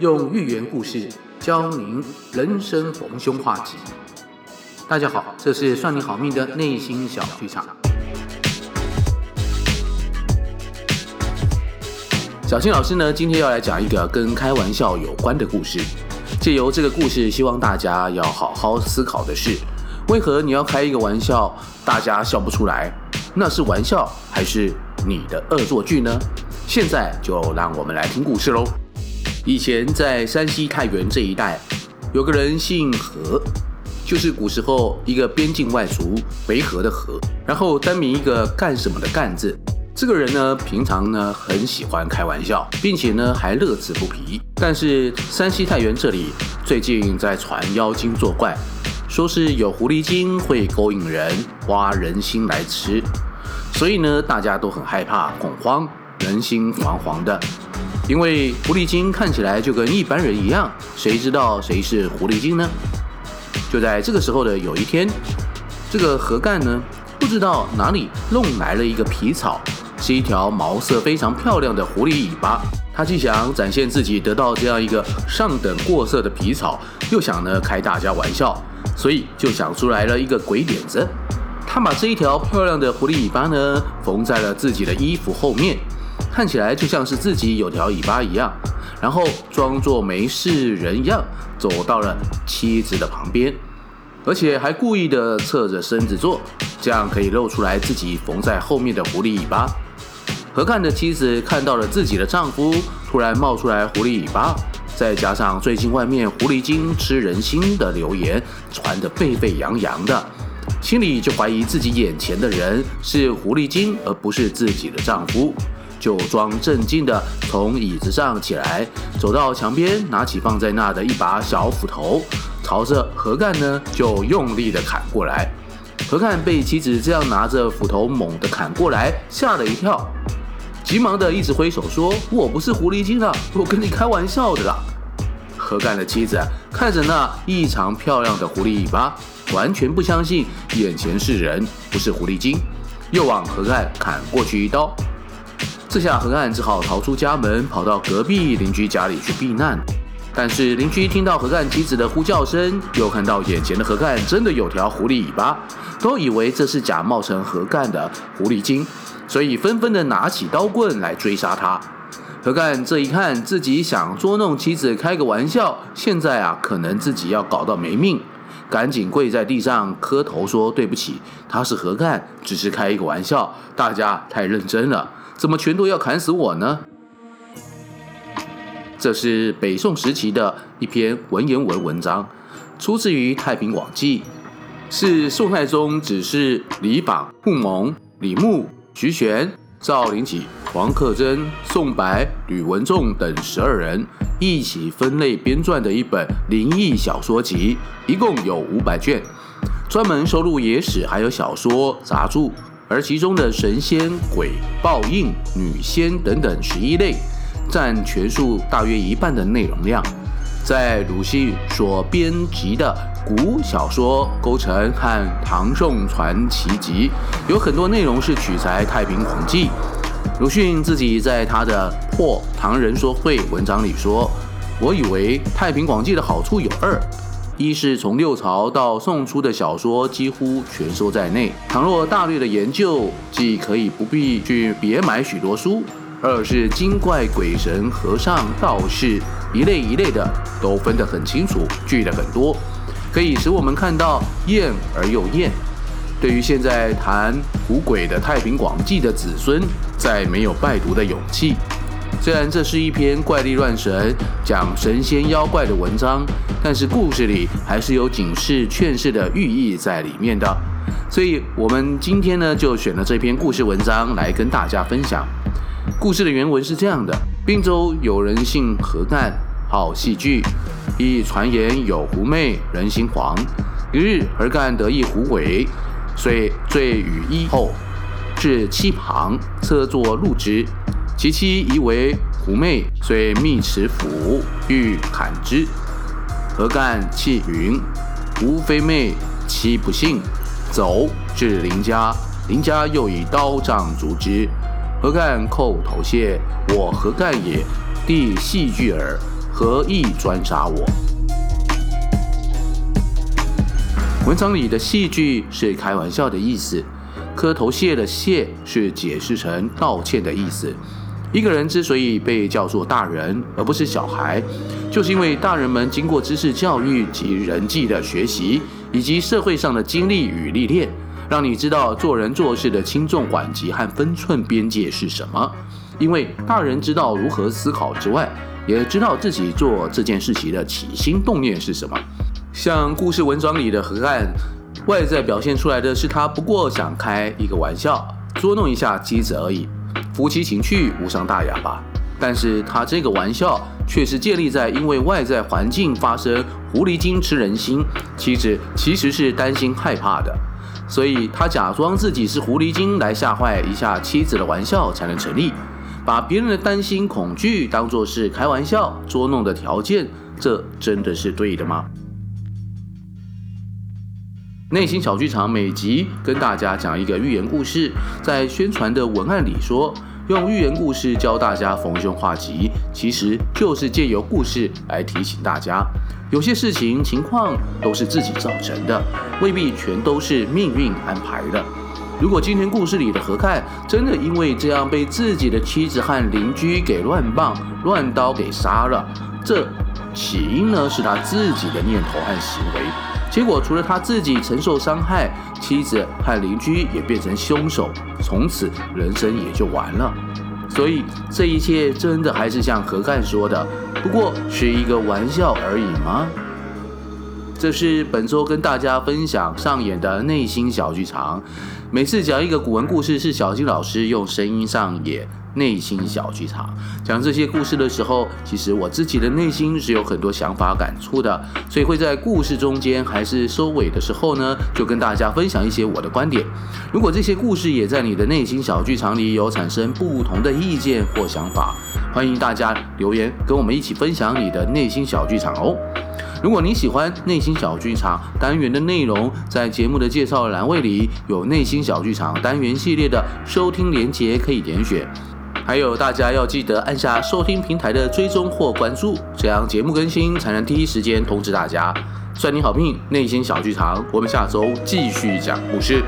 用寓言故事教您人生逢凶化吉。大家好，這是算你好命的內心小劇場。小金老師呢，今天要來講一個跟開玩笑有關的故事。借由這個故事，希望大家要好好思考的是：為何你要開一個玩笑，大家笑不出來？那是玩笑，還是你的惡作劇呢？現在就讓我們來聽故事嘍。以前在山西太原這一帶，有個人姓紇，就是古時候一個邊境外族回紇的紇，然後單名一個干什麼的干字。這個人呢，平常呢很喜歡開玩笑，並且呢還樂此不疲。但是山西太原這裡最近在傳妖精作怪，說是有狐狸精會勾引人，挖人心來吃，所以呢大家都很害怕恐慌，人心惶惶的。因為狐狸精看起來就跟一般人一樣，誰知道誰是狐狸精呢？就在這個時候的有一天，這個紇幹呢，不知道哪裡弄來了一個皮草，是一條毛色非常漂亮的狐狸尾巴。他既想展現自己得到這樣一個上等貨色的皮草，又想呢開大家玩笑，所以就想出來了一個鬼點子。他把這一條漂亮的狐狸尾巴呢縫在了自己的衣服後面。看起來就像是自己有條尾巴一樣，然後裝作沒事人一樣走到了妻子的旁邊，而且還故意的側着身子坐，這樣可以露出來自己縫在後面的狐狸尾巴。紇幹的妻子看到了自己的丈夫突然冒出來狐狸尾巴，再加上最近外面狐狸精吃人心的流言傳得沸沸揚揚的，心裡就懷疑自己眼前的人是狐狸精而不是自己的丈夫。就裝正經的從椅子上起來，走到牆邊，拿起放在那的一把小斧頭，朝着紇幹呢就用力的砍過來。紇幹被妻子這樣拿着斧頭猛的砍過來，嚇了一跳，急忙的一直揮手說：“我不是狐狸精了、啊，我跟你開玩笑的啦。”紇幹的妻子看着那異常漂亮的狐狸尾巴，完全不相信眼前是人不是狐狸精，又往紇幹砍過去一刀。這下紇幹只好逃出家門，跑到隔壁鄰居家裡去避難。但是鄰居聽到紇幹妻子的呼叫聲，又看到眼前的紇幹真的有條狐狸尾巴，都以為這是假冒成紇幹的狐狸精，所以紛紛的拿起刀棍來追殺他。紇幹這一看，自己想捉弄妻子開個玩笑，現在啊可能自己要搞到沒命，趕緊跪在地上磕頭說對不起，他是紇幹，只是開一個玩笑，大家太認真了。怎麼全都要砍死我呢？這是北宋時期的一篇文言文文章，出自於《太平廣記》，是宋太宗指示李昉、扈蒙、李牧、徐鉉、趙林起、王克貞、宋白、呂文仲等十二人一起分類編撰的一本靈異小說集，一共有五百卷，專門收錄野史還有小說雜著。而其中的神仙、鬼、報應、女仙等等十一類，占全數大約一半的內容量。在魯迅所編輯的《古小說鉤沉》和唐宋傳奇集，有很多內容是取材《太平廣記》。魯迅自己在他的《破唐人說薈》文章裡說：“我以為《太平廣記》的好處有二。”一是從六朝到宋初的小說幾乎全收在內，倘若大略的研究，既可以不必去別買許多書；二是精怪鬼神、和尚道士一類一類的都分得很清楚，聚得很多，可以使我們看到厭而又厭，對於現在談狐鬼的《太平廣記》的子孫，再沒有拜讀的勇氣。雖然這是一篇怪力亂神、講神仙妖怪的文章，但是故事裡還是有警示勸世的寓意在裡面的。所以，我們今天呢，就選了這篇故事文章來跟大家分享。故事的原文是這樣的：并州有人姓紇幹，好戲劇。一傳言有狐媚人心惶，一日紇幹得一狐尾，遂醉於衣後，至七旁，側坐鹿之。其妻疑為狐媚，遂密持斧欲砍之。紇幹泣云：“吾非媚，妻不信。”走至鄰家，鄰家又以刀杖阻之。紇幹叩頭謝：“我紇幹也，弟戲劇耳，何意專殺我？”文章裡的“戲劇”是開玩笑的意思，“磕頭謝”的“謝”是解釋成道歉的意思。一個人之所以被叫做大人，而不是小孩，就是因為大人們經過知識教育及人際的學習，以及社會上的經歷與歷練，讓你知道做人做事的輕重緩急和分寸邊界是什麼。因為大人知道如何思考之外，也知道自己做這件事情的起心動念是什麼。像故事文章裡的紇幹，外在表現出來的是他不過想開一個玩笑，捉弄一下妻子而已。夫妻情趣無傷大雅吧，但是他這個玩笑卻是建立在因為外在環境發生狐狸精吃人心，妻子其實是擔心害怕的，所以他假裝自己是狐狸精來嚇壞一下妻子的玩笑才能成立，把別人的擔心恐懼當作是開玩笑捉弄的條件，這真的是對的嗎？內心小劇場每集跟大家講一個寓言故事，在宣傳的文案裡說用寓言故事教大家逢凶化吉，其實就是借由故事來提醒大家，有些事情情況都是自己造成的，未必全都是命運安排的。如果今天故事裡的紇幹真的因為這樣被自己的妻子和鄰居給亂棒亂刀給殺了，這起因呢是他自己的念頭和行為。結果除了他自己承受傷害，妻子和鄰居也變成凶手，從此人生也就完了。所以這一切真的還是像紇幹說的，不過是一個玩笑而已嗎？這是本周跟大家分享上演的內心小劇場。每次講一個古文故事，是小金老師用聲音上演。內心小劇場講這些故事的時候，其實我自己的內心是有很多想法感觸的，所以會在故事中間還是收尾的時候呢，就跟大家分享一些我的觀點。如果這些故事也在你的內心小劇場裡有產生不同的意見或想法，歡迎大家留言跟我們一起分享你的內心小劇場哦。如果你喜歡內心小劇場單元的內容，在節目的介紹欄位裡有內心小劇場單元系列的收聽連結可以點選。還有，大家要記得按下收聽平台的追蹤或關注，這樣節目更新才能第一時間通知大家。算你好命，內心小劇場，我們下周繼續講故事。